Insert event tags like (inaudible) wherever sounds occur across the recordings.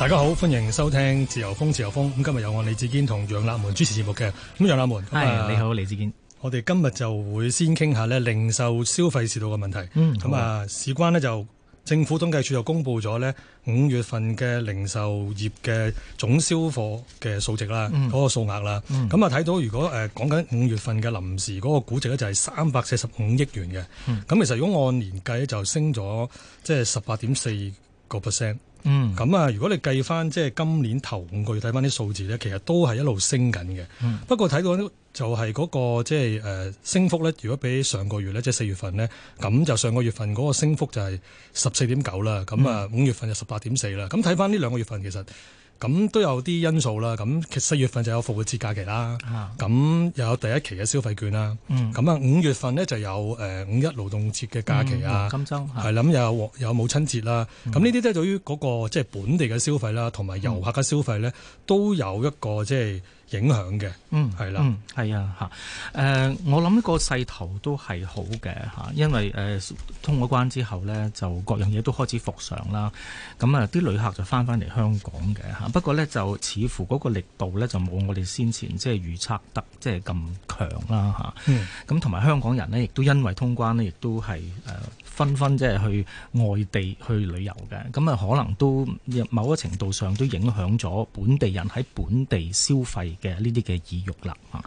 大家好，歡迎收聽自由風自由風。咁今日由我李志堅同楊立門主持節目嘅。咁楊立門係、嗯、你好，李志堅。我哋今日就會先傾下咧零售消費市道嘅問題。咁、嗯、啊，事關呢就政府統計處就公布咗咧五月份嘅零售業嘅總銷貨嘅數值啦，嗰、嗯那個數額啦。咁啊睇到如果誒講緊五月份嘅臨時嗰個估值咧就係三百四十五億元嘅。咁、嗯、其實如果按年計咧就升咗即係十八點四個 percent。嗯，咁啊，如果你計翻即係今年頭五個月睇翻啲數字呢，其實都係一路升緊嘅、嗯。不過睇到呢、嗰個，就係嗰個即係誒升幅呢。如果比上個月呢，即係四月份呢，咁就上個月份嗰個升幅就係十四點九啦。咁啊，五月份就十八點四啦。咁睇翻呢兩個月份其實。咁都有啲因素啦，咁其實四月份就有復活節假期啦，咁、啊、又有第一期嘅消費券啦，咁啊五月份咧就有誒、呃、五一勞動節嘅假期啊，係、嗯、啦，咁又、嗯、有有母親節啦，咁呢啲都係對於嗰、那個即係、就是、本地嘅消費啦，同埋遊客嘅消費咧、嗯，都有一個即係、就是、影響嘅。嗯，係啦，嗯，係啊，吓，誒，我諗呢個勢頭都係好嘅，吓，因為誒、呃、通咗關之後咧，就各樣嘢都開始復常啦，咁、嗯、啊，啲旅客就翻翻嚟香港嘅，吓，不過咧就似乎嗰個力度咧就冇我哋先前即係預測得即係咁強啦，吓、啊，咁同埋香港人咧亦都因為通關咧，亦都係誒、呃、紛紛即係去外地去旅遊嘅，咁、嗯、啊可能都某一程度上都影響咗本地人喺本地消費嘅呢啲嘅意義。慾啦嚇，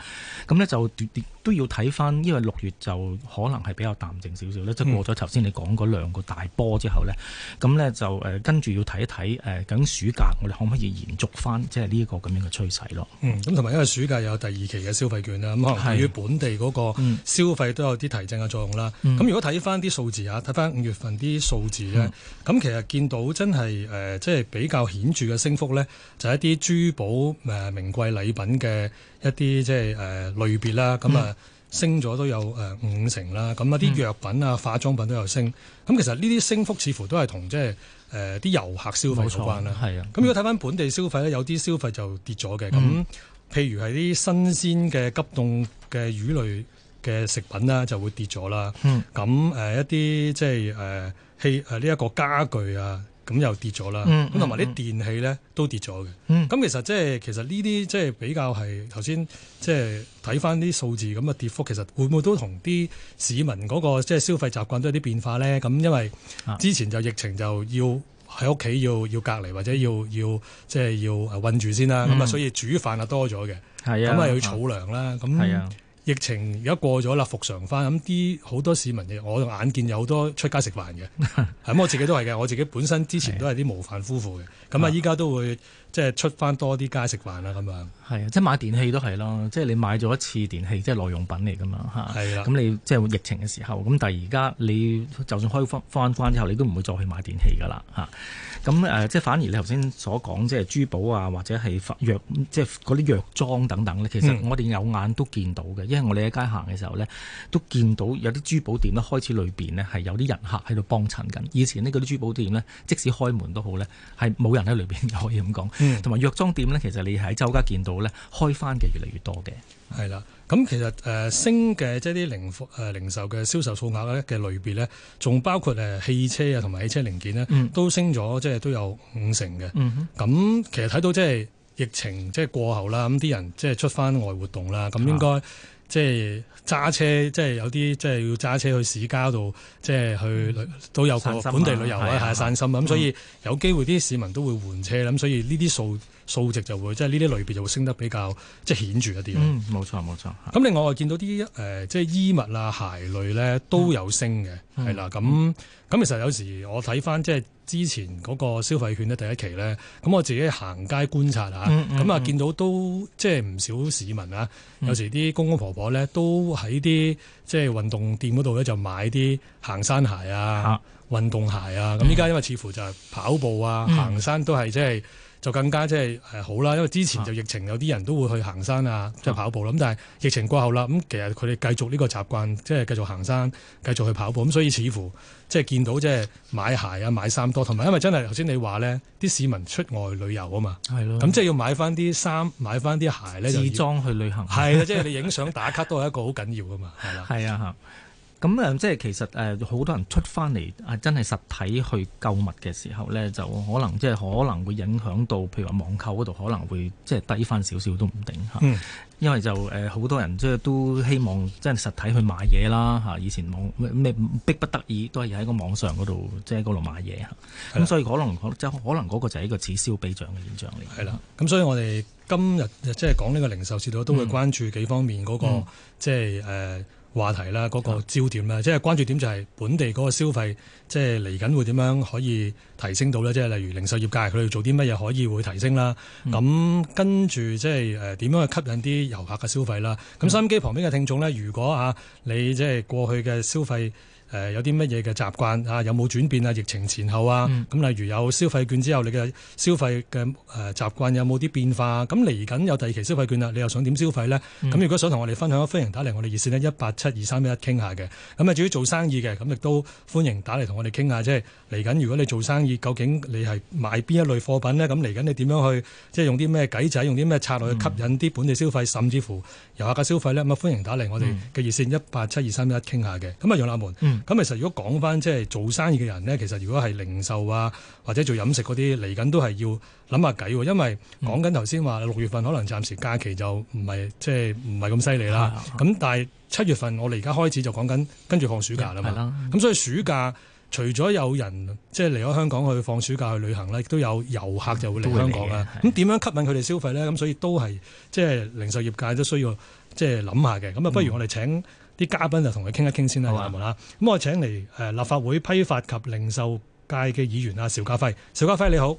咁、啊、咧就都都要睇翻，因為六月就可能係比較淡靜少少咧，即、嗯、係、就是、過咗頭先你講嗰兩個大波之後咧，咁咧就誒、呃、跟住要睇一睇誒，緊、呃、暑假我哋可唔可以延續翻即係呢一、就是、這個咁樣嘅趨勢咯。嗯，咁同埋因為暑假有第二期嘅消費券啊，咁可能對於本地嗰個消費都有啲提振嘅作用啦。咁、嗯、如果睇翻啲數字啊，睇翻五月份啲數字咧，咁、嗯、其實見到真係誒，即、呃、係、就是、比較顯著嘅升幅咧，就係、是、一啲珠寶誒、呃、名貴禮品嘅。一啲即係誒類別啦，咁、嗯、啊升咗都有誒五成啦，咁一啲藥品啊、嗯、化妝品都有升。咁、嗯、其實呢啲升幅似乎都係同即係誒啲遊客消費有關啦。係啊，咁如果睇返本地消費咧、嗯，有啲消費就跌咗嘅。咁、嗯、譬如係啲新鮮嘅急凍嘅魚類嘅食品啦，就會跌咗啦。咁、嗯、誒一啲即係誒氣誒呢一個家具啊。咁又跌咗啦，咁同埋啲電器咧都跌咗嘅。咁、嗯、其實即、就、係、是、其實呢啲即係比較係頭先即係睇返啲數字咁嘅跌幅，其實會唔會都同啲市民嗰個即係消費習慣都有啲變化咧？咁因為之前就疫情就要喺屋企要要隔離或者要要即係要韞住先啦，咁、嗯、啊所以煮飯多啊多咗嘅，咁啊要儲糧啦，咁、啊。疫情而家過咗啦，復常返咁啲，好多市民我眼見有好多出街食飯嘅，咁 (laughs) 我自己都係嘅，我自己本身之前都係啲無飯夫婦嘅，咁啊依家都會。即係出翻多啲街食飯啦，咁樣。係啊，即係買電器都係咯，即係你買咗一次電器，即係耐用品嚟噶嘛，嚇。係啦。咁你即係疫情嘅時候，咁但係而家你就算開翻翻之後，你都唔會再去買電器噶啦，嚇。咁、嗯、即係反而你頭先所講，即係珠寶啊，或者係藥，即係嗰啲藥妝等等咧，其實我哋有眼都見到嘅，因為我哋喺街行嘅時候咧，都見到有啲珠寶店咧開始裏邊咧係有啲人客喺度幫襯緊。以前呢，嗰啲珠寶店咧，即使開門都好咧，係冇人喺裏邊，可以咁講。同埋、嗯、藥妝店咧，其實你喺周街見到咧，開翻嘅越嚟越多嘅。係啦，咁其實誒、呃、升嘅即係啲零誒、呃、零售嘅銷售數額咧嘅類別咧，仲包括誒汽車啊同埋汽車零件咧，嗯、都升咗即係都有五成嘅。咁、嗯、哼其實睇到即係疫情即係過後啦，咁啲人即係出翻外活動啦，咁應該。啊即係揸車，即係有啲即係要揸車去市郊度，即係去都有個本地旅遊山啊，係散心咁，所以有機會啲市民都會換車咁，所以呢啲數。數值就會即係呢啲類別就會升得比較即係顯著一啲。嗯、冇錯冇錯。咁另外我見到啲、呃、即係衣物啊鞋類咧都有升嘅，係、嗯、啦。咁咁其實有時我睇翻即係之前嗰個消費券咧第一期咧，咁我自己行街觀察嚇，咁啊見到都即係唔少市民啊、嗯，有時啲公公婆婆咧都喺啲即係運動店嗰度咧就買啲行山鞋啊、啊、運動鞋啊。咁依家因為似乎就係跑步啊、嗯、行山都係即係。就更加即係好啦，因為之前就疫情有啲人都會去行山啊，即係跑步啦。咁但係疫情過後啦，咁其實佢哋繼續呢個習慣，即係繼續行山，繼續去跑步。咁所以似乎即係見到即係買鞋啊、買衫多，同埋因為真係頭先你話呢啲市民出外旅遊啊嘛，係咯。咁即係要買翻啲衫，買翻啲鞋就置裝去旅行係啦。即係你影相打卡都係一個好緊要噶嘛，係 (laughs) 啦，係啊嚇。咁誒，即係其實誒，好多人出翻嚟啊，真係實體去購物嘅時候咧，就可能即係可能會影響到，譬如話網購嗰度可能會即係低翻少少都唔定、嗯、因為就誒，好多人即係都希望即係實體去買嘢啦，以前網咩逼不得已都係喺個網上嗰度，即係嗰度買嘢。咁所以可能即可能嗰個就係一個此消彼長嘅現象嚟。係啦。咁所以我哋今日即係講呢個零售市道，都會關注幾方面嗰、嗰個即係誒。嗯即係呃話題啦，嗰、那個焦點啦，即係關注點就係本地嗰個消費，即係嚟緊會點樣可以提升到呢？即係例如零售業界佢哋做啲乜嘢可以會提升啦。咁、嗯、跟住即係誒點樣去吸引啲遊客嘅消費啦？咁收音機旁邊嘅聽眾呢，如果啊你即係過去嘅消費。誒、呃、有啲乜嘢嘅習慣啊？有冇轉變啊？疫情前後啊？咁、嗯、例如有消費券之後，你嘅消費嘅誒、呃、習慣有冇啲變化？咁嚟緊有第二期消費券啦，你又想點消費呢？咁、嗯、如果想同我哋分享，歡迎打嚟我哋熱線呢，一八七二三一一傾下嘅。咁啊，至於做生意嘅，咁亦都歡迎打嚟同我哋傾下。即係嚟緊，如果你做生意，究竟你係賣邊一類貨品呢？咁嚟緊你點樣去即係用啲咩計仔，用啲咩策略去吸引啲本地消費，嗯、甚至乎遊客嘅消費呢？咁啊，歡迎打嚟我哋嘅熱線一八七二三一一傾下嘅。咁、嗯、啊，楊立門。咁其實如果講返即係做生意嘅人呢，其實如果係零售啊，或者做飲食嗰啲，嚟緊都係要諗下計喎，因為講緊頭先話六月份可能暫時假期就唔係即係唔係咁犀利啦。咁、就是、但係七月份我哋而家開始就講緊跟住放暑假啦嘛。咁所以暑假除咗有人即係嚟咗香港去放暑假去旅行呢，亦都有遊客就會嚟香港啦。咁點樣吸引佢哋消費呢？咁所以都係即係零售業界都需要即係諗下嘅。咁啊，不如我哋請。啲嘉賓就同佢傾一傾先啦，咁、啊、我請嚟立法會批發及零售界嘅議員啊，邵家輝，邵家輝你好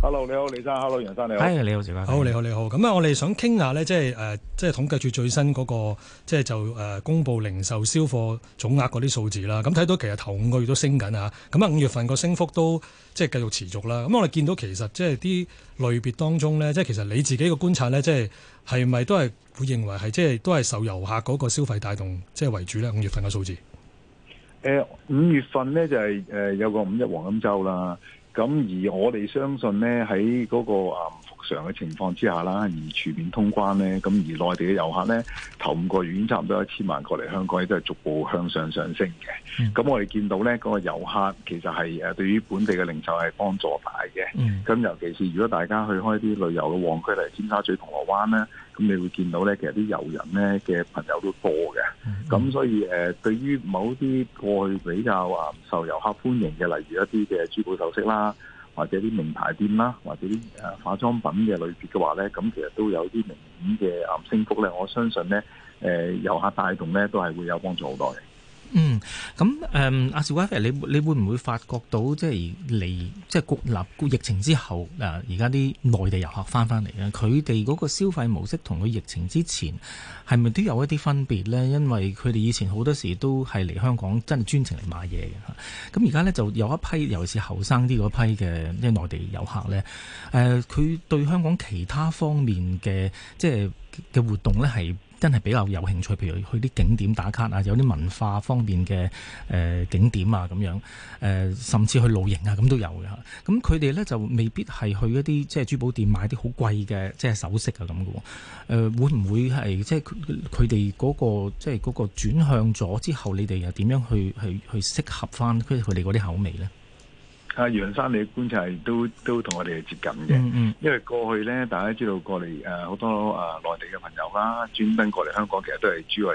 ，Hello 你好，李生，Hello 楊生你好，你好，邵家輝，好你好你好，咁啊，Hi, 我哋想傾下呢，即係即係統計住最新嗰、那個，即係就、呃、公佈零售銷貨總額嗰啲數字啦。咁睇到其實頭五個月都升緊啊，咁啊五月份個升幅都即係繼續持續啦。咁我哋見到其實即係啲類別當中呢，即係其實你自己嘅觀察呢，即係。係咪都係會認為係，即係都係受遊客嗰個消費帶動，即係為主咧？五月份嘅數字，誒、呃、五月份咧就係、是、誒有個五一黃金週啦。咁而我哋相信咧，喺嗰個啊。常嘅情況之下啦，而全面通關呢。咁而內地嘅遊客呢，頭五個月已經差唔多一千萬過嚟香港，亦都係逐步向上上升嘅。咁、嗯、我哋見到呢嗰個遊客其實係誒對於本地嘅零售係幫助大嘅。咁、嗯、尤其是如果大家去開啲旅遊嘅旺區嚟，尖沙咀、銅鑼灣呢，咁你會見到呢其實啲遊人呢嘅朋友都多嘅。咁、嗯、所以誒，對於某啲過去比較啊受遊客歡迎嘅，例如一啲嘅珠寶首飾啦。或者啲名牌店啦，或者啲誒化妝品嘅類別嘅話咧，咁其實都有啲明顯嘅啊升幅咧，我相信咧，誒遊客帶動咧都係會有幫助好多嘅。嗯，咁、嗯、誒，阿邵家輝你、啊、你會唔會發覺到即係嚟即係國立疫情之後，啊而家啲內地遊客翻翻嚟咧，佢哋嗰個消費模式同佢疫情之前係咪都有一啲分別咧？因為佢哋以前好多時都係嚟香港真係專程嚟買嘢嘅吓，咁而家咧就有一批尤其是後生啲嗰批嘅即係內地遊客咧，誒、啊、佢對香港其他方面嘅即係嘅活動咧係。真係比較有興趣，譬如去啲景點打卡啊，有啲文化方面嘅、呃、景點啊，咁樣、呃、甚至去露營啊，咁都有嘅。咁佢哋咧就未必係去一啲即係珠寶店買啲好貴嘅即係首飾啊咁嘅。誒、呃，會唔會係即係佢哋嗰個即係嗰個轉向咗之後，你哋又點樣去去去適合翻佢哋嗰啲口味咧？啊，楊生，你嘅觀察都都同我哋係接近嘅、嗯嗯，因為過去咧，大家知道過嚟誒好多誒、啊、內地嘅朋友啦，專登過嚟香港，其實都係主要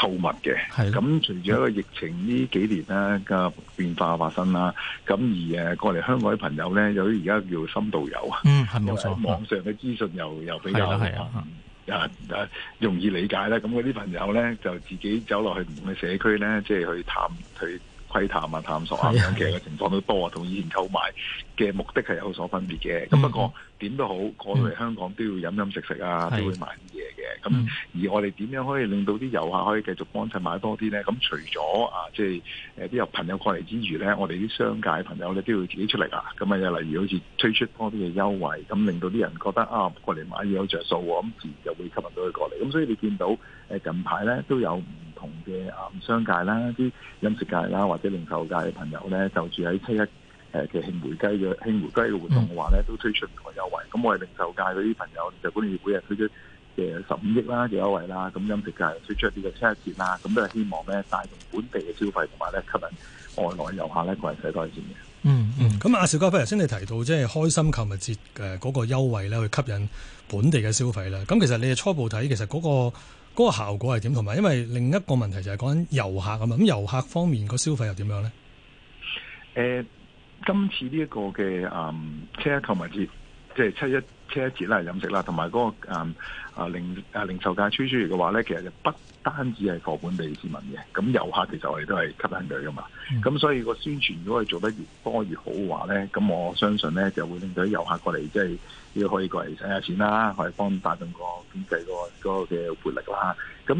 購物嘅。咁，隨住一個疫情呢幾年咧嘅、啊、變化發生啦，咁、啊、而誒、啊、過嚟香港嘅朋友咧，有啲而家叫深度遊啊，網上嘅資訊又、嗯、又比較啊容易理解啦，咁嗰啲朋友咧就自己走落去唔同嘅社區咧，即係去探佢。窺探啊、探索啊，咁樣嘅情況都多啊，同以前購買嘅目的係有所分別嘅。咁不過點都好，過嚟香港都要飲飲食食啊，都會買啲嘢嘅。咁而我哋點樣可以令到啲遊客可以繼續幫襯買多啲咧？咁除咗啊，即係誒啲有朋友過嚟之餘咧，我哋啲商界朋友咧都要自己出嚟啊。咁啊，又例如好似推出多啲嘅優惠，咁令到啲人覺得啊，過嚟買嘢有着數，咁自然就會吸引到佢過嚟。咁所以你見到誒、呃、近排咧都有。同嘅啊商界啦、啲飲食界啦或者零售界嘅朋友咧，就住喺七一誒嘅慶回歸嘅慶回歸嘅活動嘅話咧，都推出唔同嘅優惠。咁我哋零售界嗰啲朋友就管理每日推出誒十五億啦嘅優惠啦。咁飲食界推出呢個七一節啦，咁都係希望咧帶動本地嘅消費同埋咧吸引外來遊客咧，過嚟使多啲錢嘅。嗯嗯，咁阿邵家輝頭先你提到即係開心購物節誒嗰個優惠咧，去吸引本地嘅消費啦。咁其實你係初步睇其實嗰、那個。嗯嗯嗰、那個效果係點？同埋，因為另一個問題就係講緊遊客啊嘛。咁遊客方面個消費又點樣咧？誒、呃，今次呢一個嘅誒車一購物節，即、嗯、係七一車一節啦、飲食啦，同埋嗰個誒、嗯呃、零誒零售價超出嚟嘅話咧，其實就不單止係貨本地市民嘅，咁遊客其實我哋都係吸引佢噶嘛。咁、嗯、所以個宣傳如果係做得越多越好嘅話咧，咁我相信咧就會令到啲遊客過嚟即係。就是要可以過嚟使下錢啦，可以幫帶動個經濟個嗰個嘅活力啦。咁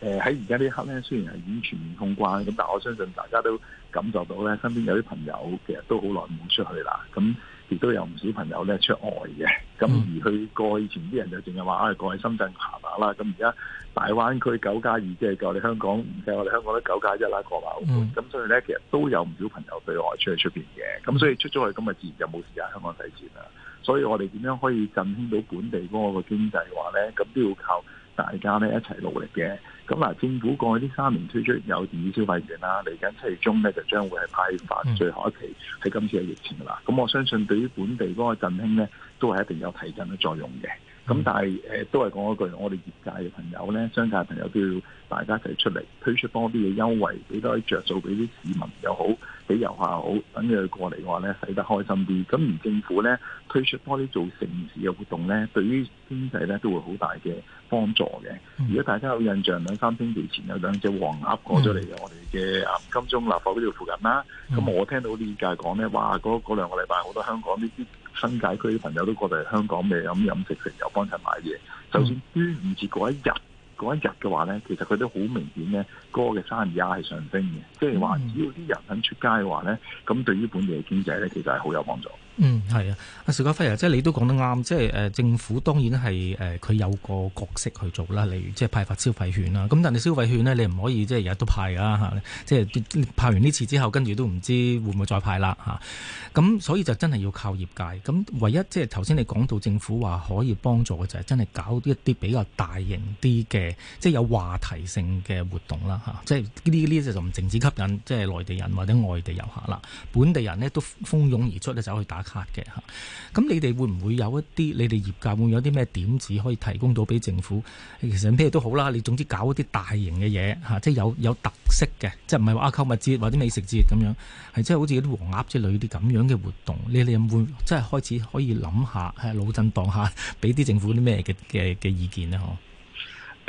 而誒喺而家呢刻咧，雖然係已經全面通關，咁但係我相信大家都感受到咧，身邊有啲朋友其實都好耐冇出去啦。咁亦都有唔少朋友咧出外嘅。咁、嗯、而過去過以前啲人就淨係話啊過去深圳行下啦。咁而家大灣區九加二即係夠你香港，唔夠我哋香港都九加一啦過埋。咁、嗯、所以咧其實都有唔少朋友對外出去出面嘅。咁所以出咗去咁咪自然就冇時間喺香港使錢啦。所以我哋點樣可以振興到本地嗰個經濟嘅話咧，咁都要靠大家咧一齊努力嘅。咁嗱，政府過去呢三年推出有電子消費券啦，嚟緊七月中咧就將會係派發最後一期。喺今次嘅疫情啦。咁我相信對於本地嗰個振興咧，都係一定有提振嘅作用嘅。咁、嗯、但係、呃、都係講一句，我哋業界嘅朋友咧、商界朋友都要大家一齊出嚟推出多啲嘅優惠，俾多啲着數俾啲市民又好，俾遊客好，等佢過嚟嘅話咧，使得開心啲。咁而政府咧推出多啲做城市嘅活動咧，對於經濟咧都會好大嘅幫助嘅、嗯。如果大家有印象，兩三天前有兩隻黃鴨過咗嚟我哋嘅金鐘立法嗰度附近啦。咁、嗯、我聽到啲業界講咧，話嗰嗰兩個禮拜好多香港呢啲。新界區啲朋友都過嚟香港嘅飲飲食食又幫襯買嘢，就算端午節嗰一日一日嘅話咧，其實佢都好明顯咧，個嘅生意也係上升嘅，即係話只要啲人肯出街嘅話咧，咁對於本地嘅經濟咧，其實係好有幫助。嗯，係啊，阿邵家輝啊，即係你都講得啱，即係誒政府當然係誒佢有個角色去做啦，例如即係派發消費券啦。咁但係消費券咧，你唔可以即係日日都派㗎吓，即係派完呢次之後跟住都唔知會唔會再派啦吓，咁、啊、所以就真係要靠業界。咁唯一即係頭先你講到政府話可以幫助嘅就係真係搞一啲比較大型啲嘅，即係有話題性嘅活動啦吓、啊，即係呢啲呢就唔淨止吸引即係內地人或者外地遊客啦，本地人咧都蜂擁而出咧走去打，嘅吓，咁你哋會唔會有一啲？你哋業界會，會有啲咩點子可以提供到俾政府？其實咩都好啦，你總之搞一啲大型嘅嘢吓，即係有有特色嘅，即係唔係話啊購物節或者美食節咁樣，係即係好似啲黃鴨之類啲咁樣嘅活動。你哋有冇即係開始可以諗下、啊、腦震盪下俾啲政府啲咩嘅嘅嘅意見呢嗬？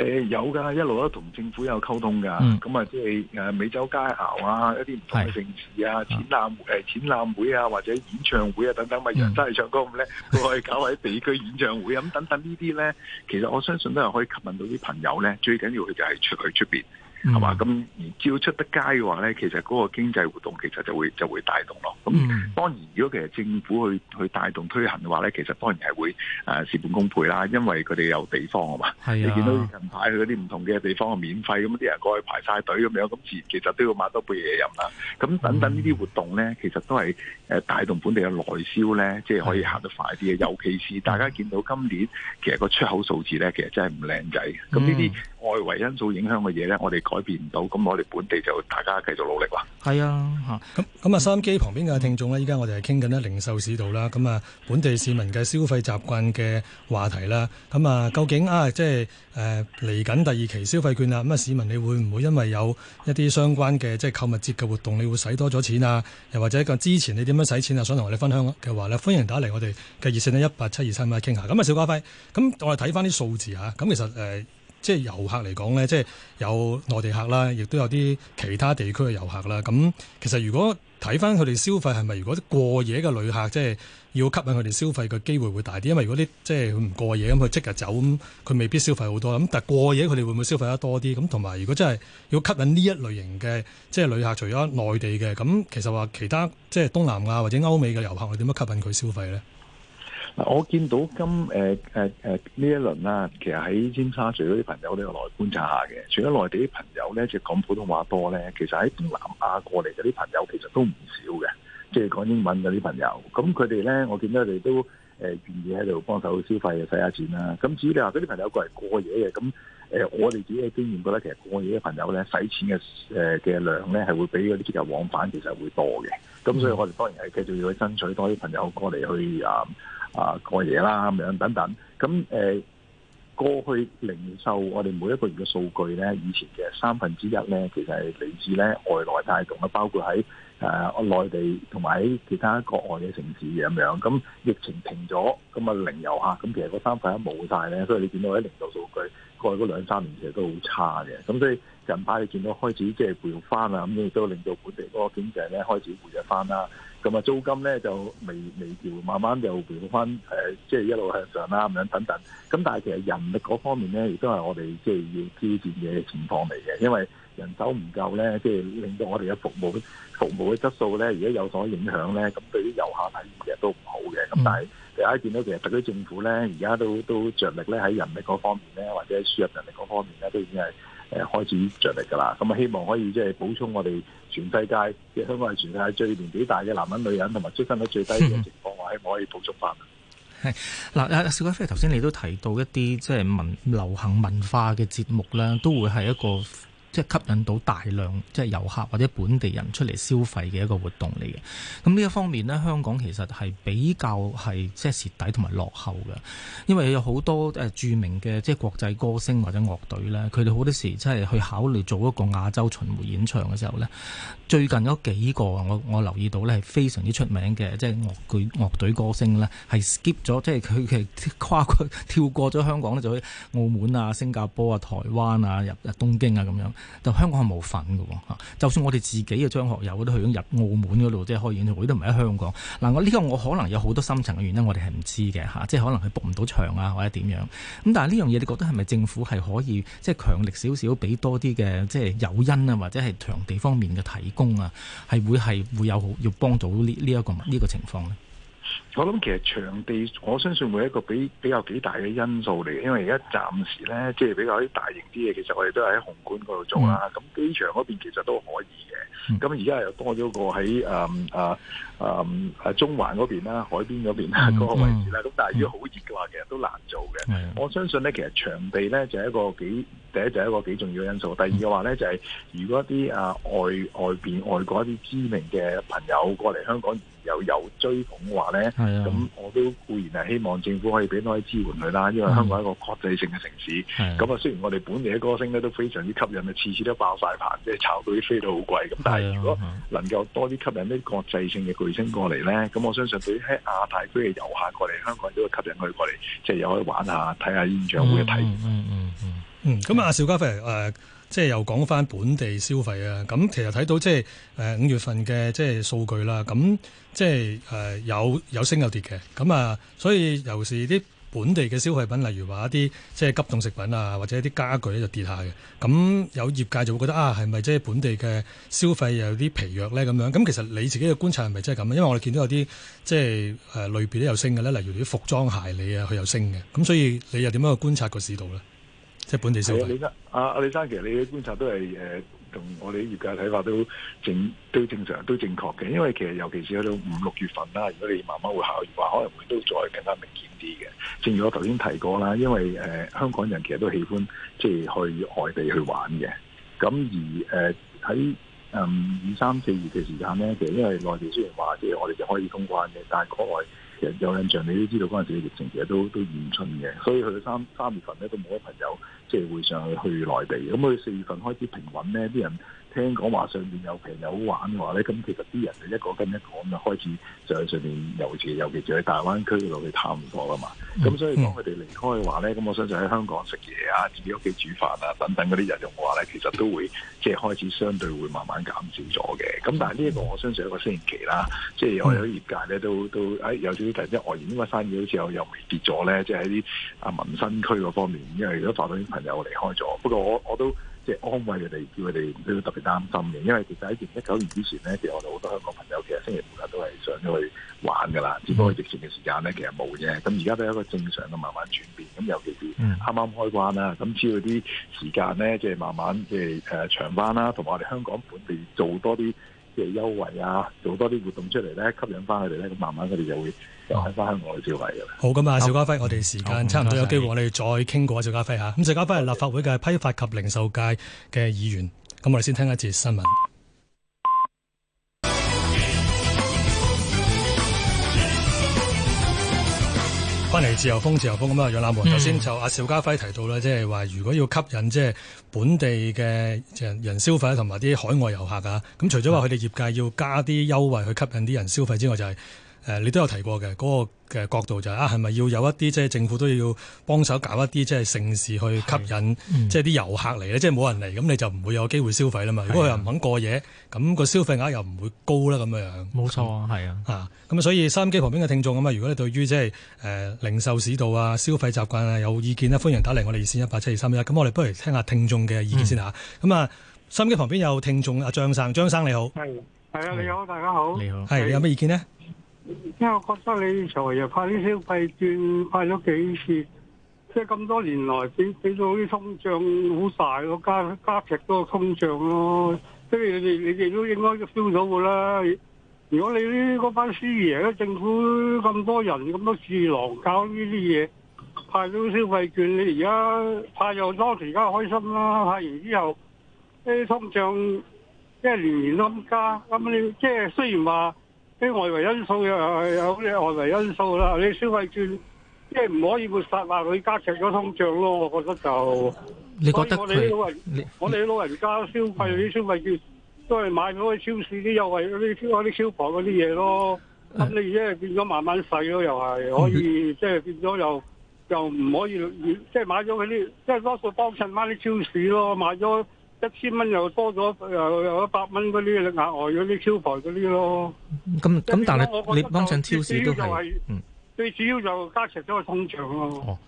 誒、呃、有噶，一路都同政府有溝通噶，咁啊即係誒美洲街頭啊，一啲唔同嘅城市啊，展覽誒展覽會啊，或者演唱會啊等等，咪又走去唱歌咁咧，我 (laughs) 哋搞下啲地區演唱會咁等等這些呢啲咧，其實我相信都係可以吸引到啲朋友咧，最緊要佢就係出去出面。係、嗯、嘛？咁、嗯、而只要出得街嘅話咧，其實嗰個經濟活動其實就會就會帶動咯。咁當然，如果其實政府去去帶動推行嘅話咧，其實當然係會誒、呃、事半功倍啦。因為佢哋有地方啊嘛。係啊。你見到近排去嗰啲唔同嘅地方啊，免費咁啲人過去排晒隊咁樣咁，自然其實都要買多杯嘢飲啦。咁等等呢啲活動咧，其實都係誒帶動本地嘅內銷咧，即、就、係、是、可以行得快啲嘅、啊。尤其是大家見到今年其實個出口數字咧，其實真係唔靚仔。咁呢啲。嗯外圍因素影響嘅嘢呢，我哋改變唔到，咁我哋本地就大家就繼續努力啦。係啊，嚇咁咁啊，收音機旁邊嘅聽眾呢，依家我哋係傾緊呢零售市道啦，咁啊本地市民嘅消費習慣嘅話題啦，咁啊究竟啊即係誒嚟緊第二期消費券啦，咁啊市民你會唔會因為有一啲相關嘅即係購物節嘅活動，你會使多咗錢啊？又或者個之前你點樣使錢啊？想同我哋分享嘅話呢，歡迎打嚟我哋嘅熱線呢一八七二三，咁一傾下。咁啊，邵家輝，咁我哋睇翻啲數字嚇，咁其實誒。呃即係遊客嚟講呢，即係有內地客啦，亦都有啲其他地區嘅遊客啦。咁其實如果睇返佢哋消費係咪？係咪如果過夜嘅旅客，即係要吸引佢哋消費嘅機會會大啲。因為如果啲即係佢唔過夜咁，佢即日走，咁佢未必消費好多。咁但係過夜佢哋會唔會消費得多啲？咁同埋如果真係要吸引呢一類型嘅即係旅客，除咗內地嘅，咁其實話其他即係東南亞或者歐美嘅遊客，我點樣吸引佢消費呢？我見到今誒誒誒呢一輪啦、啊，其實喺尖沙咀嗰啲朋友都有來觀察下嘅。除咗內地啲朋友咧，就講普通話多咧，其實喺東南亞過嚟嗰啲朋友其實都唔少嘅，即係講英文嗰啲朋友。咁佢哋咧，我見到佢哋都誒願意喺度幫手消費嘅使下錢啦、啊。咁至於你話嗰啲朋友過嚟過夜嘅，咁誒我哋自己經驗覺得，其實過夜嘅朋友咧，使錢嘅誒嘅量咧係會比嗰啲即日往返其實會多嘅。咁所以，我哋當然係繼續要去爭取多啲朋友過嚟去啊。嗯啊，過夜啦咁樣等等，咁誒、欸、過去零售我哋每一個月嘅數據咧，以前嘅三分之一咧，其實係嚟自咧外來帶動啦，包括喺誒內地同埋喺其他國外嘅城市咁樣。咁疫情停咗，咁啊零遊客，咁其實嗰三分一冇晒咧，所以你見到喺零售數據過去嗰兩三年其實都好差嘅。咁所以近排你見到開始即係回復翻啦，咁亦都令到本地嗰個經濟咧開始回復翻啦。咁啊，租金咧就微微調，慢慢又回復翻，誒，即係一路向上啦，咁樣等等。咁但係其實人力嗰方面咧，亦都係我哋即係要挑戰嘅情況嚟嘅，因為人手唔夠咧，即係令到我哋嘅服務服務嘅質素咧，而家有所影響咧，咁對於遊客體驗嘅都唔好嘅。咁但係大家見到其實特區政府咧，而家都都着力咧喺人力嗰方面咧，或者輸入人力嗰方面咧，都已經係。誒開始着力㗎啦，咁啊希望可以即係補充我哋全世界，即香港係全世界最年紀大嘅男人女人，同埋出生率最低嘅情況，我希望可以補充翻。係、嗯、嗱、啊，小家輝頭先你都提到一啲即係文流行文化嘅節目啦，都會係一個。即係吸引到大量即係遊客或者本地人出嚟消費嘅一個活動嚟嘅。咁呢一方面咧，香港其實係比較係即係蝕底同埋落後嘅，因為有好多誒、呃、著名嘅即係國際歌星或者樂隊咧，佢哋好多時即係去考慮做一個亞洲巡回演唱嘅時候咧，最近有幾個我我留意到咧係非常之出名嘅即係樂隊樂隊歌星咧，係 skip 咗即係佢其實跨過跳過咗香港咧，就去澳門啊、新加坡啊、台灣啊、入入東京啊咁樣。就香港係冇份㗎喎，就算我哋自己嘅張學友都去咗入澳門嗰度即係開演唱會，都唔係喺香港。嗱，我呢個我可能有好多深層嘅原因，我哋係唔知嘅嚇，即係可能係 book 唔到場啊，或者點樣。咁但係呢樣嘢，你覺得係咪政府係可以即係、就是、強力少少俾多啲嘅即係誘因啊，或者係場地方面嘅提供啊，係會係會有好要幫助呢呢一個呢、呢個情況呢？我諗其實場地，我相信會係一個比比較幾大嘅因素嚟嘅，因為而家暫時咧，即、就、係、是、比較啲大型啲嘅，其實我哋都係喺紅館嗰度做啦。咁、嗯、機場嗰邊其實都可以嘅，咁而家又多咗個喺誒誒誒中環嗰邊啦，海邊嗰邊啦，嗰個位置啦。咁、嗯、但係如果好熱嘅話、嗯，其實都難做嘅、嗯。我相信咧，其實場地咧就係、是、一個幾第一就係一個幾重要嘅因素。第二嘅話咧就係、是、如果一啲誒外外邊外國一啲知名嘅朋友過嚟香港，又有追捧嘅話咧，咁我都固然係希望政府可以俾多啲支援佢啦，因為香港係一個國際性嘅城市。咁啊，雖然我哋本地嘅歌星咧都非常之吸引，啊次次都爆晒棚，即係炒到啲飛得好貴。咁但係如果能夠多啲吸引啲國際性嘅巨星過嚟咧，咁我相信對於亞太區嘅遊客過嚟香港都會吸引佢過嚟，即係又可以玩下、睇下演唱會睇。嗯嗯嗯嗯，咁、嗯嗯嗯、啊，邵家輝誒。呃即係又講翻本地消費啊！咁其實睇到即係誒五月份嘅即係數據啦，咁即係誒有有升有跌嘅。咁啊，所以尤其是啲本地嘅消費品，例如話一啲即係急凍食品啊，或者一啲家具咧就跌下嘅。咁有業界就會覺得啊，係咪即係本地嘅消費有啲疲弱咧？咁樣咁其實你自己嘅觀察係咪真係咁？因為我哋見到有啲即係誒類別都有升嘅咧，例如啲服裝鞋履啊，佢有升嘅。咁所以你又點樣去觀察個市道咧？即、就、係、是、本地消費。阿李生，阿李生，其實你嘅觀察都係誒，同、呃、我哋啲業界睇法都正，都正常，都正確嘅。因為其實尤其是喺到五六月份啦，如果你慢慢會考應話，可能會都再更加明顯啲嘅。正如我頭先提過啦，因為誒、呃、香港人其實都喜歡即係去外地去玩嘅。咁而誒喺、呃、嗯二三四月嘅時間咧，其實因為內地雖然話即係我哋就可以通關嘅，但係國外。其實有印象，你都知道嗰陣時嘅疫情其實都都嚴峻嘅，所以佢三三月份咧都冇乜朋友即係、就是、會上去去內地。咁佢四月份開始平穩咧，啲人。聽講話上面又平又好玩嘅話咧，咁其實啲人就一個跟一個咁啊，開始就喺上面，尤其尤其就喺大灣區嗰度去探過啊嘛。咁所以講，佢哋離開嘅話咧，咁我相信喺香港食嘢啊、自己屋企煮飯啊等等嗰啲日用嘅話咧，其實都會即係開始相對會慢慢減少咗嘅。咁但係呢一個我相信一個星期啦，即係我有啲業界咧都都啊、哎、有少少突然之間外延啲生意好似又又微跌咗咧，即係喺啲啊民生區嗰方面，因為如果發到啲朋友離開咗，不過我我都。安慰佢哋，叫佢哋都特別擔心嘅，因為其實喺二零一九年之前咧，其實我哋好多香港朋友其實星期五日都係上咗去玩噶啦，只不過疫情嘅時間咧其實冇啫。咁而家都係一個正常嘅慢慢轉變，咁尤其是啱啱開關啦，咁只要啲時間咧，即係慢慢即係誒長翻啦，同埋我哋香港本地做多啲嘅優惠啊，做多啲活動出嚟咧，吸引翻佢哋咧，咁慢慢佢哋就會又係返外消費嘅。好咁啊，邵家輝，我哋時間差唔多，有機會我哋再傾過邵家輝嚇。咁邵家輝係立法會嘅批發及零售界嘅議員。咁我哋先聽一節新聞。翻、嗯、嚟自由風，自由風咁啊，楊冷河。頭、嗯、先就阿邵家輝提到啦即係話如果要吸引即係、就是、本地嘅人人消費，同埋啲海外遊客啊，咁除咗話佢哋業界要加啲優惠去吸引啲人消費之外，就係、是。誒、呃，你都有提過嘅嗰、那個嘅角度就係、是、啊，係咪要有一啲即係政府都要幫手搞一啲即係盛事去吸引，即係啲遊客嚟咧，即係冇人嚟，咁你就唔會有機會消費啦嘛、啊。如果佢又唔肯過夜，咁、那個消費額又唔會高啦，咁樣。冇錯，係啊，嚇咁、啊啊、所以收音機旁邊嘅聽眾啊，咁啊，如果你對於即係誒零售市道啊、消費習慣啊有意見咧、啊，歡迎打嚟我哋二線一八七二三一。咁我哋不如聽下聽眾嘅意見先嚇。咁啊，收、嗯、音、啊、機旁邊有聽眾阿張生，張生你好，係係啊，你好，大家好，你好，係你有咩意見呢？因為我覺得你財又派啲消費券派咗幾次，即係咁多年來俾俾到啲通脹好大個加加劇個通脹咯，即係你哋你哋都應該 feel 到噶啦。如果你呢班師爺咧，政府咁多人咁多侍郎搞呢啲嘢，派咗消費券，你而家派又多，時而家開心啦，派完之後啲通脹即係年年都加，咁你即係雖然話。啲外圍因素又係有啲外圍因素啦，你消費券即係唔可以抹殺話佢加劇咗通脹咯，我覺得就。你覺得佢？我哋老人家消費啲消費券都係買咗去超市啲優惠嗰啲消防啲嗰啲嘢咯。咁、嗯、你即係變咗慢慢細咯，又係可以即係變咗又又唔可以，即係買咗佢啲，即係多數幫襯翻啲超市咯，買咗。一千蚊又多咗，又有一百蚊嗰啲額外嗰啲 coupon 嗰啲咯。咁咁但係你幫襯超市都係，最主要就加劇咗通脹咯。哦，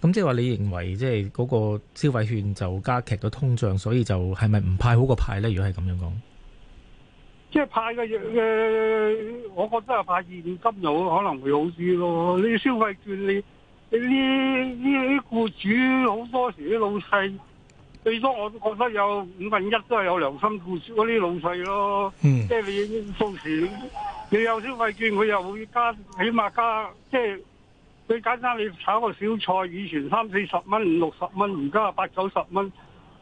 咁即係話你認為即係嗰個消費券就加劇咗通脹，所以就係咪唔派好過派咧？如果係咁樣講，即係派嘅嘅，我覺得係派現金又好可能會好啲咯。啲消費券你你呢啲啲僱主好多時啲老細。最、嗯、多我都覺得有五分一都係有良心故事嗰啲老細咯，嗯、即係你到時你有消費券，佢又會加，起碼加即係最簡單，你炒個小菜，以前三四十蚊、五六十蚊，而家八九十蚊，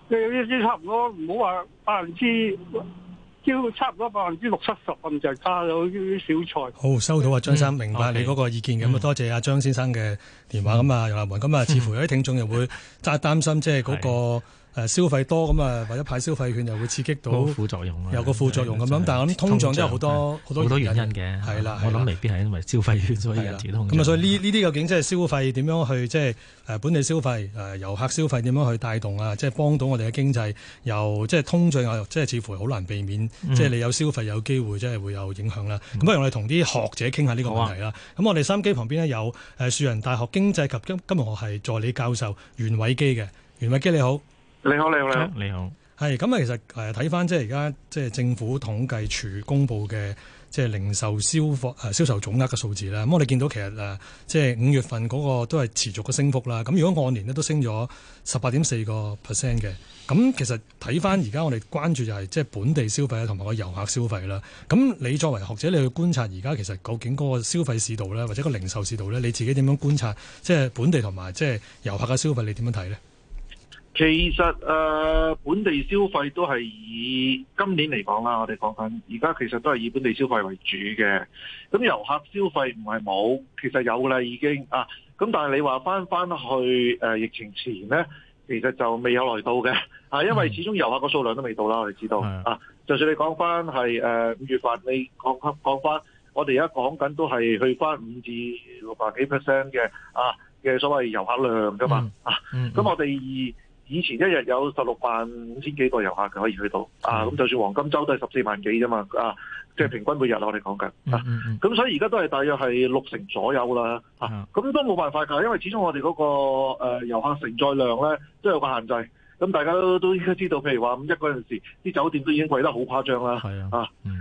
即係呢啲差唔多，唔好話百分之，超差唔多百分之六七十，咁就係加咗啲小菜。好、哦，收到啊，張生，明白、嗯、你嗰個意見咁啊、okay，嗯，多謝阿張先生嘅電話咁啊，楊立文咁啊，似乎有啲聽眾又會擔擔心即係嗰個。誒消費多咁啊，或者派消費券又會刺激到有個副作用咁樣，但係我諗通脹真係好多好多原因嘅，係啦，我諗未必係因為消費券所以引起通脹咁啊。所以呢呢啲究竟即係消費點樣去即係誒本地消費誒遊客消費點樣去帶動啊？即係幫到我哋嘅經濟，又即係通脹又即係似乎好難避免。嗯，即係你有消費有機會，即係會有影響啦。咁、嗯、不如我哋同啲學者傾下呢個問題啦。咁、啊、我哋三機旁邊呢，有誒樹仁大學經濟及金金融學系助理教授袁偉基嘅，袁偉基，你好。你好，你好，你好。係咁啊，其實誒，睇翻即係而家即係政府統計處公布嘅即係零售消貨誒銷售總額嘅數字啦。咁我哋見到其實誒，即係五月份嗰個都係持續嘅升幅啦。咁如果按年咧都升咗十八點四個 percent 嘅。咁其實睇翻而家我哋關注就係即係本地消費同埋個遊客消費啦。咁你作為學者，你去觀察而家其實究竟嗰個消費市道咧，或者個零售市道咧，你自己點樣觀察？即係本地同埋即係遊客嘅消費，你點樣睇呢？其實誒、呃，本地消費都係以今年嚟講啦，我哋講緊而家其實都係以本地消費為主嘅。咁遊客消費唔係冇，其實有噶啦已經啊。咁但係你話翻翻去誒、呃、疫情前咧，其實就未有來到嘅啊，因為始終遊客嘅數量都未到啦，我哋知道啊。就算你講翻係誒五月份，你講講翻，我哋而家講緊都係去翻五至六百幾 percent 嘅啊嘅所謂遊客量噶嘛啊。咁、嗯嗯嗯啊、我哋二。以前一日有十六萬五千幾個遊客可以去到、嗯、啊，咁就算黃金周都係十四萬幾啫嘛啊，即、就、係、是、平均每日我哋講緊啊，咁、嗯嗯嗯啊、所以而家都係大約係六成左右啦咁、嗯啊、都冇辦法㗎，因為始終我哋嗰、那個誒遊、呃、客承載量咧都有個限制，咁大家都都應該知道，譬如話五一嗰陣時啲酒店都已經貴得好誇張啦，係啊啊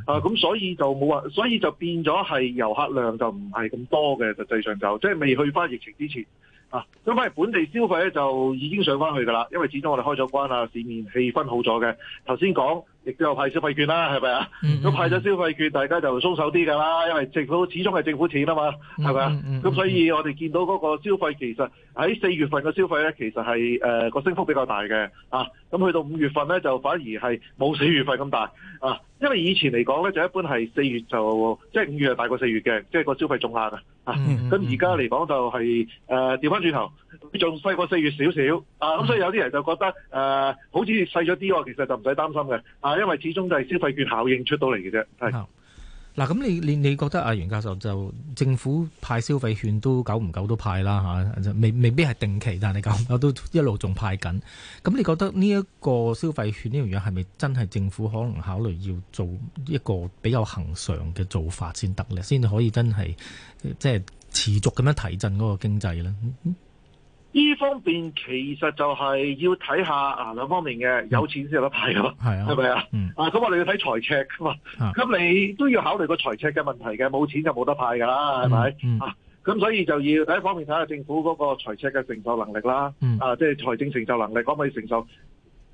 啊，咁、啊、所以就冇話，所以就變咗係遊客量就唔係咁多嘅，實際上，上就即係未去翻疫情之前。啊，咁翻嚟本地消費咧就已經上翻去㗎喇，因為始終我哋開咗關啊，市面氣氛好咗嘅。頭先講。亦都有派消費券啦，係咪啊？咁、mm -hmm. 派咗消費券，大家就鬆手啲㗎啦，因為政府始終係政府錢啊嘛，係咪啊？咁、mm -hmm. 所以我哋見到嗰個消費其實喺四月份嘅消費咧，其實係誒個升幅比較大嘅啊。咁去到五月份咧，就反而係冇四月份咁大啊。因為以前嚟講咧，就一般係四月就即係五月係大過四月嘅，即、就、係、是、個消費仲硬嘅啊。咁而家嚟講就係誒調翻轉頭，仲、呃、細過四月少少啊。咁所以有啲人就覺得誒、呃、好似細咗啲喎，其實就唔使擔心嘅。因為始終都係消費券效應出到嚟嘅啫。係，嗱咁你你你覺得啊，袁教授就政府派消費券都久唔久都派啦嚇、啊，未未必係定期，但係你搞唔搞都一路仲派緊。咁 (laughs) 你覺得呢一個消費券呢樣嘢係咪真係政府可能考慮要做一個比較恒常嘅做法先得呢？先至可以真係即係持續咁樣提振嗰個經濟咧？嗯呢方面其實就係要睇下啊兩方面嘅，有錢先有得派噶嘛，係咪啊、嗯、啊，啊？啊咁我哋要睇財赤噶嘛，咁你都要考慮個財赤嘅問題嘅，冇錢就冇得派噶啦，係咪、嗯嗯？啊咁所以就要第一方面睇下政府嗰個財赤嘅承受能力啦、嗯，啊即係、就是、財政承受能力，可唔可以承受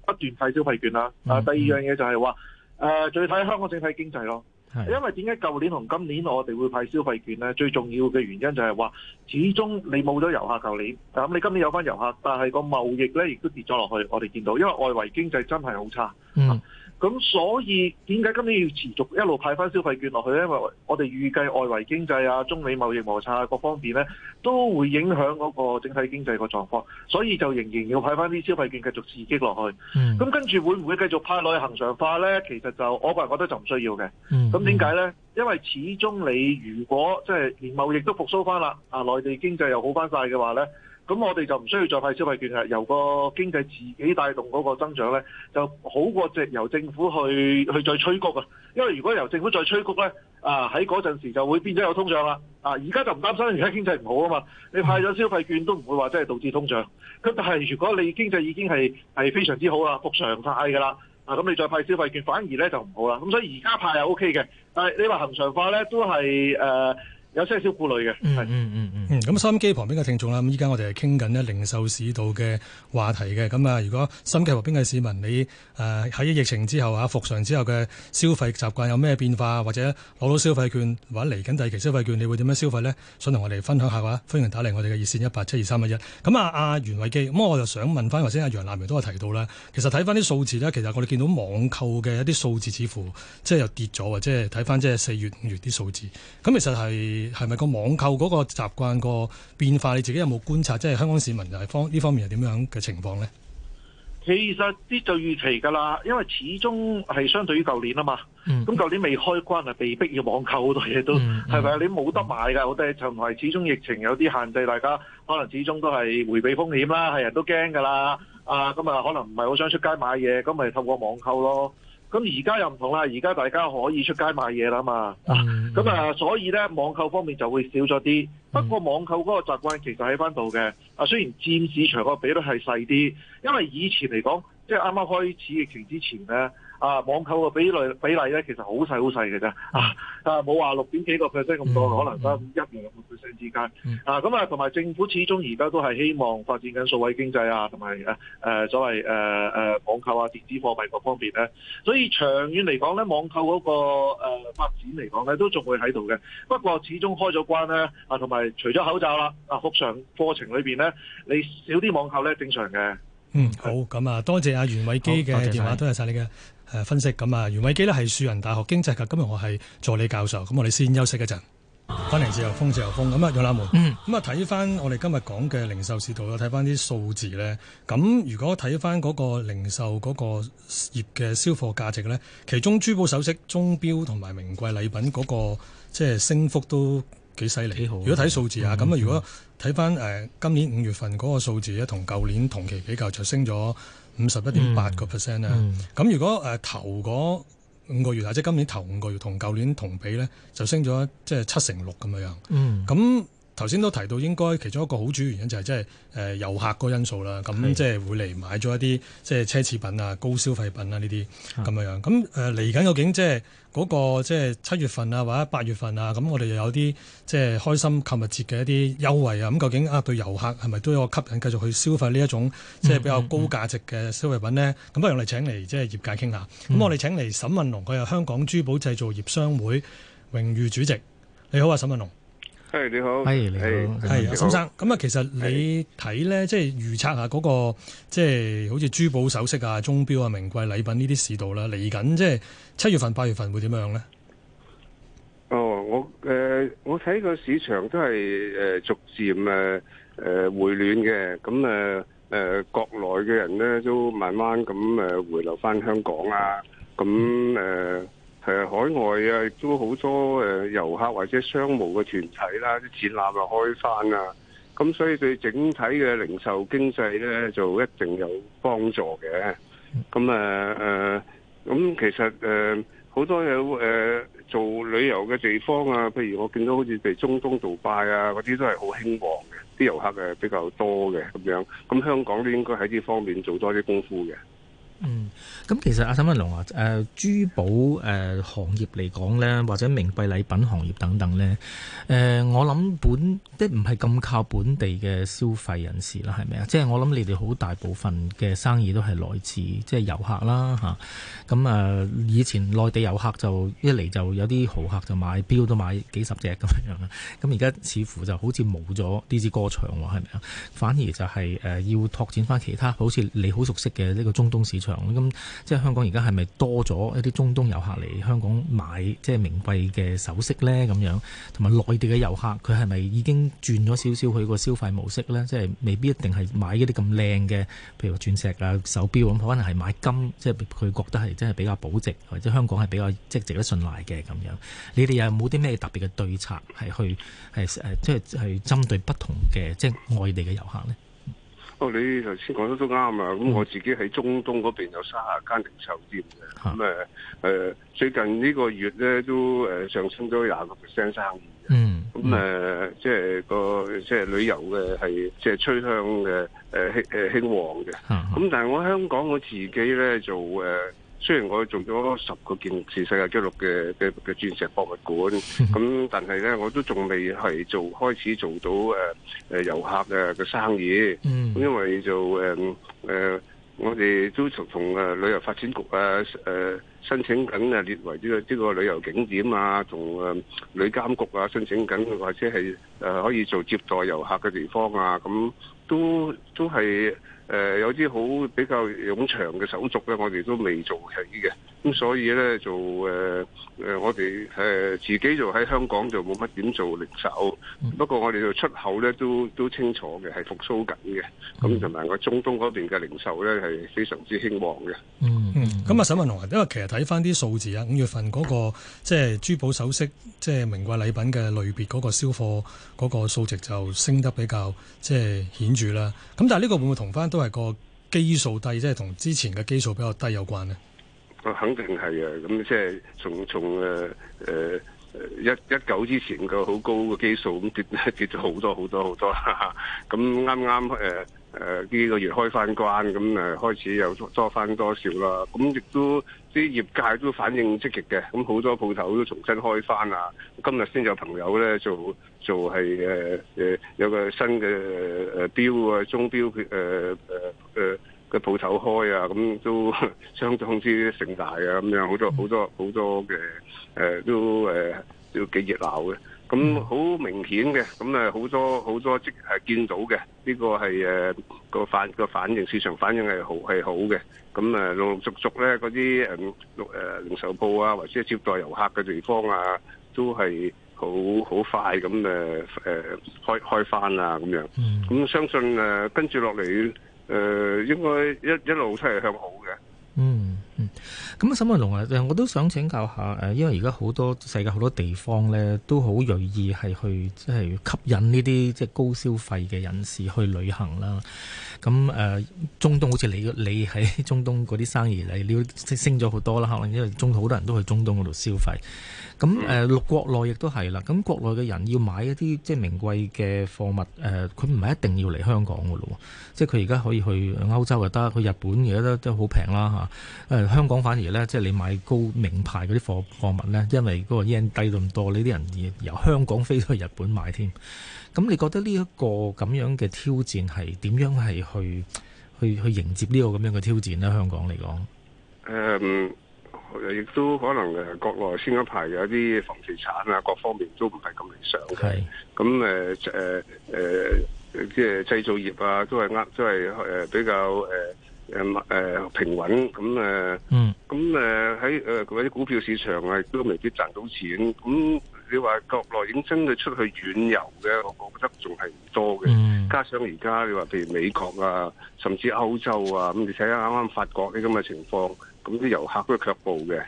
不斷派消費券啦啊、嗯、第二樣嘢就係話誒，仲要睇、嗯啊、香港整體經濟咯。因為點解舊年同今年我哋會派消費券咧？最重要嘅原因就係話，始終你冇咗遊客，舊年，咁你今年有返遊客，但係個貿易咧亦都跌咗落去，我哋見到，因為外圍經濟真係好差。嗯。咁所以點解今年要持續一路派翻消費券落去咧？因為我哋預計外圍經濟啊、中美貿易摩擦啊各方面咧都會影響嗰個整體經濟個狀況，所以就仍然要派翻啲消費券繼續刺激落去。咁、嗯、跟住會唔會繼續派落去恒常化咧？其實就我個人覺得就唔需要嘅。咁點解咧？因為始終你如果即係、就是、連貿易都復甦翻啦，啊內地經濟又好翻晒嘅話咧。.咁我哋就唔需要再派消費券啦，由個經濟自己帶動嗰個增長咧，就好過直由政府去去再催谷啊。因為如果由政府再催谷咧，啊喺嗰陣時就會變咗有通脹啦。啊，而家就唔擔心，而家經濟唔好啊嘛。你派咗消費券都唔會話真係導致通脹。咁但係如果你經濟已經係係非常之好啦，復常態㗎啦，啊咁你再派消費券反而咧就唔好啦。咁所以而家派係 OK 嘅，但係你話恒常化咧都係誒。呃有少少顧慮嘅，嗯嗯嗯嗯。嗯，咁收音機旁邊嘅聽眾啦，咁依家我哋係傾緊咧零售市道嘅話題嘅，咁啊，如果收音機旁邊嘅市民，你誒喺、呃、疫情之後啊復常之後嘅消費習慣有咩變化，或者攞到消費券或者嚟緊第二期消費券，你會點樣消費咧？想同我哋分享下啦，歡迎打嚟我哋嘅熱線一八七二三一一。咁啊，阿袁偉基，咁我就想問翻，頭先阿楊立明都有提到啦，其實睇翻啲數字咧，其實我哋見到網購嘅一啲數,、就是、數字，似乎即係又跌咗，或者睇翻即係四月五月啲數字，咁其實係。係咪個網購嗰個習慣、個變化？你自己有冇觀察？即係香港市民又係方呢方面係點樣嘅情況咧？其實啲就預期㗎啦，因為始終係相對於舊年啊嘛。咁、嗯、舊年未開關係，被逼要網購好多嘢都係咪、嗯？你冇得買㗎、嗯，我哋就唔係始終疫情有啲限制，大家可能始終都係迴避風險啦。係人都驚㗎啦。啊咁啊，可能唔係好想出街買嘢，咁咪透過網購咯。咁而家又唔同啦，而家大家可以出街買嘢啦嘛，咁、嗯、啊，所以咧網購方面就會少咗啲。不過網購嗰個習慣其實喺翻度嘅，啊雖然佔市場嗰個比率係細啲，因為以前嚟講，即係啱啱開始疫情之前咧。啊，網購嘅比例比例咧，其實好細好細嘅啫，啊啊冇話六點幾個 percent 咁多，嗯，可能得一兩個 percent 之間。嗯、啊，咁啊同埋政府始終而家都係希望發展緊數位經濟啊，同埋誒誒所謂誒誒、呃、網購啊、電子貨幣各方面咧，所以長遠嚟講咧，網購嗰、那個誒、呃、發展嚟講咧，都仲會喺度嘅。不過始終開咗關咧，啊同埋除咗口罩啦，啊復常課程裏邊咧，你少啲網購咧正常嘅。嗯，好，咁啊多謝阿、啊、袁偉基嘅電話，多謝晒你嘅。誒，分析咁。啊，袁偉基呢係樹人大學經濟及金融學系助理教授，咁我哋先休息一陣，歡、嗯、迎自由風，自由風，咁啊，楊冷梅，嗯，咁啊，睇翻我哋今日講嘅零售市道，又睇翻啲數字咧，咁如果睇翻嗰個零售嗰個業嘅銷貨價值咧，其中珠寶首飾、鐘錶同埋名貴禮品嗰個，即係升幅都幾犀利，幾好，如果睇數字啊，咁、嗯、啊，如果睇翻誒今年五月份嗰個數字咧，同舊年同期比較，就升咗。五十一點八個 percent 咧，咁、嗯、如果誒、呃、頭嗰五個月，或者今年頭五個月同舊年同比咧，就升咗即係七成六咁樣，咁、嗯。頭先都提到，應該其中一個好主要原因就係即係誒遊客嗰個因素啦。咁即係會嚟買咗一啲即係奢侈品啊、高消費品啊呢啲咁樣樣。咁誒嚟緊究竟即係嗰個即係七月份啊，或者八月份啊，咁我哋又有啲即係開心購物節嘅一啲優惠啊。咁究竟啊對遊客係咪都有個吸引，繼續去消費呢一種即係比較高價值嘅消費品呢？咁不如我哋請嚟即係業界傾下。咁我哋請嚟沈運龍，佢係香港珠寶製造業廠商會榮譽主席。你好啊，沈運龍。係、hey, 你好，係、hey, 你係、hey, hey, hey, hey, hey. 啊，沈生，咁、嗯、啊，其實你睇咧，即係預測下嗰、那個，即、就、係、是、好似珠寶首飾啊、鐘表啊、名貴禮品呢啲市道啦，嚟緊即係七月份、八月份會點樣咧？哦，我誒、呃，我睇個市場都係誒逐漸誒誒回暖嘅，咁誒誒，國內嘅人咧，都慢慢咁誒回流翻香港啊，咁誒。呃嗯誒海外啊，亦都好多誒遊客或者商務嘅團體啦、啊，啲展覽又、開翻啊，咁所以對整體嘅零售經濟咧，就一定有幫助嘅。咁啊誒，咁、呃、其實誒好、呃、多有誒、呃、做旅遊嘅地方啊，譬如我見到好似譬如中東杜拜啊嗰啲都係好興旺嘅，啲遊客誒比較多嘅咁樣。咁香港都應該喺呢方面做多啲功夫嘅。嗯，咁其實阿沈運龍啊，誒、呃、珠寶誒、呃、行業嚟講咧，或者名貴禮品行業等等咧，誒、呃、我諗本即唔係咁靠本地嘅消費人士啦，係咪啊？即、就、係、是、我諗你哋好大部分嘅生意都係來自即係遊客啦，吓、啊、咁啊！以前內地遊客就一嚟就有啲豪客就買錶都買幾十隻咁樣樣咁而家似乎就好似冇咗呢支歌唱喎，係咪啊？反而就係、是、誒、呃、要拓展翻其他，好似你好熟悉嘅呢個中東市場。咁即係香港而家係咪多咗一啲中東遊客嚟香港買即係名貴嘅首飾咧咁樣，同埋內地嘅遊客佢係咪已經轉咗少少佢個消費模式咧？即係未必一定係買一啲咁靚嘅，譬如鑽石啊、手錶咁，可能係買金，即係佢覺得係真係比較保值，或者香港係比較即係值得信賴嘅咁樣。你哋有冇啲咩特別嘅對策係去係即係係針對不同嘅即係外地嘅遊客咧？哦，你頭先講得都啱啊！咁我自己喺中東嗰邊有三廿間零售店嘅，咁誒誒最近呢個月咧都誒、呃、上升咗廿個 percent 生意，呃、嗯，咁、嗯、誒、呃、即係個即係旅遊嘅係即係吹向嘅誒興誒興旺嘅，咁、呃嗯嗯、但係我香港我自己咧就誒。呃雖然我做咗十個健力士世界紀錄嘅嘅嘅鑽石博物館，咁但係咧我都仲未係做開始做到誒誒遊客嘅嘅生意，因為就誒誒我哋都從同誒旅遊發展局啊誒申請緊啊列為呢個呢個旅遊景點啊，同誒旅監局啊申請緊，或者係誒可以做接待遊客嘅地方啊咁。都都係誒、呃，有啲好比較冗長嘅手續咧，我哋都未做起嘅。咁所以咧就誒、呃呃、我哋誒、呃、自己就喺香港就冇乜點做零售、嗯，不過我哋就出口咧都都清楚嘅，係復甦緊嘅。咁同埋個中東嗰邊嘅零售咧係非常之興旺嘅。嗯，咁、嗯、啊，沈運龍，因為其實睇翻啲數字啊，五月份嗰、那個即係、嗯就是、珠寶首飾、即係名貴禮品嘅類別嗰個銷貨嗰個數值就升得比較即係、就是、顯著啦。咁、嗯、但係呢個會唔會同翻都係個基數低，即係同之前嘅基數比較低有關呢？肯定係啊！咁即係從從誒誒一一九之前個好高嘅基數，咁跌跌咗好多好多好多。咁啱啱誒誒呢個月開翻關，咁誒開始又多翻多，多少啦。咁亦都啲業界都反應積極嘅，咁好多鋪頭都重新開翻啊！今日先有朋友咧做做係誒、呃、有個新嘅誒標啊，中標誒誒、呃呃啲鋪頭開啊，咁都相當之盛大啊，咁樣好多好多好多嘅誒、呃、都誒都幾熱鬧嘅。咁、嗯、好明顯嘅，咁誒好多好多即係見到嘅呢、呢個係誒個反個反應，市場反應係好係好嘅。咁、嗯、誒陸陸續續咧，嗰啲誒誒零售鋪啊，或者接待遊客嘅地方啊，都係好好快咁誒誒開開翻啦、啊，咁樣。咁相信誒跟住落嚟。呃誒、呃，應該一一路都係向好嘅。嗯嗯，咁、嗯、啊，沈運龍啊，誒，我都想請教下誒，因為而家好多世界好多地方咧，都好銳意係去即係、就是、吸引呢啲即係高消費嘅人士去旅行啦。咁、嗯、誒、呃，中東好似你你喺中東嗰啲生意嚟，你都升升咗好多啦，可能因為中東好多人都去中東嗰度消費。咁誒，內、呃、國內亦都係啦。咁國內嘅人要買一啲即係名貴嘅貨物，誒、呃，佢唔係一定要嚟香港嘅咯。即係佢而家可以去歐洲又得，去日本而家都都好平啦嚇。誒、啊，香港反而咧，即係你買高名牌嗰啲貨貨物咧，因為嗰個 yen 低咁多，呢啲人由香港飛去日本買添。咁你覺得呢一個咁樣嘅挑戰係點樣係去去去迎接呢個咁樣嘅挑戰呢？香港嚟講，誒、um...。亦都可能誒，國內先一排有啲房地產啊，各方面都唔係咁理想。係咁誒誒誒，即係、呃呃、製造業啊，都係啱，都係誒、呃、比較誒誒誒平穩。咁、嗯、誒，嗯，咁誒喺誒嗰啲股票市場啊，都未必賺到錢。咁你話國內已經真係出去遠遊嘅，我覺得仲係唔多嘅、嗯。加上而家你話譬如美國啊，甚至歐洲啊，咁你睇下啱啱法國啲咁嘅情況。咁啲遊客都係卻步嘅，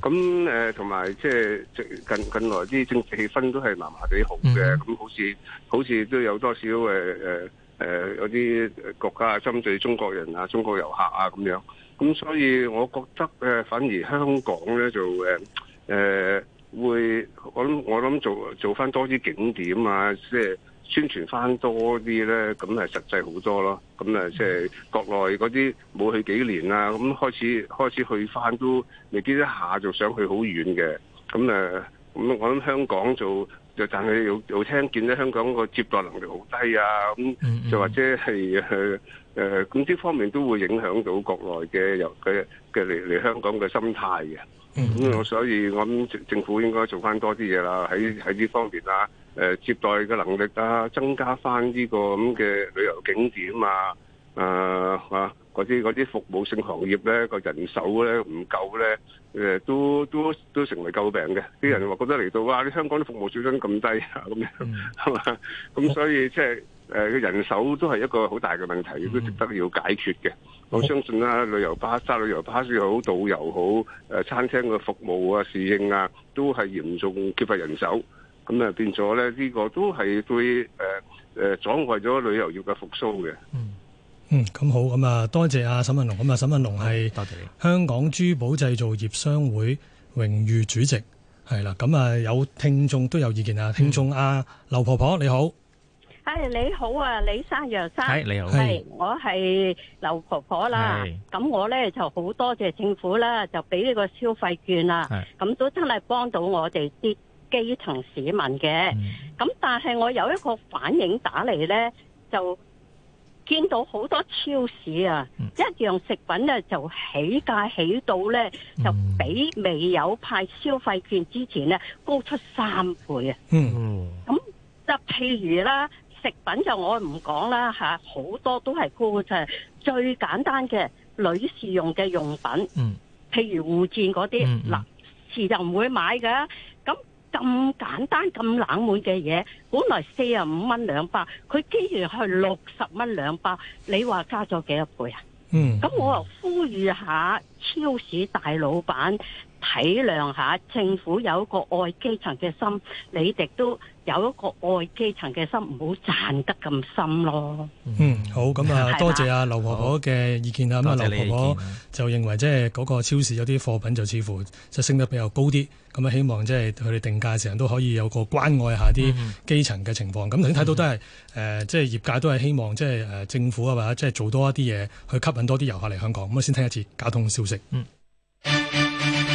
咁誒同埋即係近近來啲政治氣氛都係麻麻地好嘅，咁、嗯、好似好似都有多少誒誒誒有啲國家針對中國人啊、中國遊客啊咁樣，咁所以我覺得誒反而香港咧就誒誒、呃、會，我我諗做做翻多啲景點啊，即係。宣傳翻多啲咧，咁係實際好多咯。咁咧即係國內嗰啲冇去幾年啊，咁開始開始去翻都未必一下就想去好遠嘅。咁誒，咁我諗香港就就但係又又聽見咧，香港個接待能力好低啊。咁、mm -hmm. 就或者係誒咁呢方面都會影響到國內嘅由佢嘅嘅嚟嚟香港嘅心態嘅。咁我、mm -hmm. 所以我諗政府應該做翻多啲嘢啦，喺喺呢方面啦。誒，接待嘅能力啊，增加翻呢個咁嘅旅遊景點啊，誒吓嗰啲嗰啲服務性行業咧，個人手咧唔夠咧，誒都都都成為詬病嘅。啲人話覺得嚟到哇，啲香港啲服務水準咁低啊，咁樣係嘛，咁 (laughs) 所以即係誒，個、就是、人手都係一個好大嘅問題，亦都值得要解決嘅、嗯嗯。我相信啦、啊，旅遊巴揸旅遊巴士好，導遊好，誒，餐廳嘅服務啊、侍應啊，都係嚴重缺乏人手。咁啊，變咗咧呢個都係對誒誒阻礙咗旅遊業嘅復蘇嘅。嗯嗯，咁好，咁、嗯、啊多謝阿、啊、沈運龍。咁、嗯、啊，沈運龍係香港珠寶製造業廠商會榮譽主席，係啦。咁、嗯嗯嗯、啊，有聽眾都有意見啊。聽眾啊劉婆婆你好，係你好啊，李生楊生係你好，係我係劉婆婆啦。咁我咧就好多謝政府啦，就俾呢個消費券啦。咁都真係幫到我哋啲。基層市民嘅，咁、嗯、但係我有一個反應打嚟呢，就見到好多超市啊，嗯、一樣食品咧就起價起到呢，就比未有派消費券之前呢高出三倍啊！嗯、咁、嗯、就譬如啦，食品就我唔講啦吓，好多都係高嘅，就係，最簡單嘅女士用嘅用品，嗯、譬如護墊嗰啲嗱，男士、嗯、就唔會買嘅。咁簡單咁冷門嘅嘢，本來四十五蚊兩包，佢竟然係六十蚊兩包，你話加咗幾多倍啊？嗯，咁我又呼籲下超市大老闆。體諒下政府有一個愛基層嘅心，你哋都有一個愛基層嘅心，唔好賺得咁深咯。嗯，好，咁啊，多謝阿劉婆婆嘅意見啊。咁劉、嗯、婆婆就認為，即係嗰個超市有啲貨品就似乎就升得比較高啲，咁啊，希望即係佢哋定價嘅時候，都可以有個關愛下啲基層嘅情況。咁、嗯、你睇到都係誒、即、嗯、係、呃就是、業界都係希望，即係誒政府啊，或者即係做多一啲嘢去吸引多啲遊客嚟香港。咁啊，先聽一次交通消息。嗯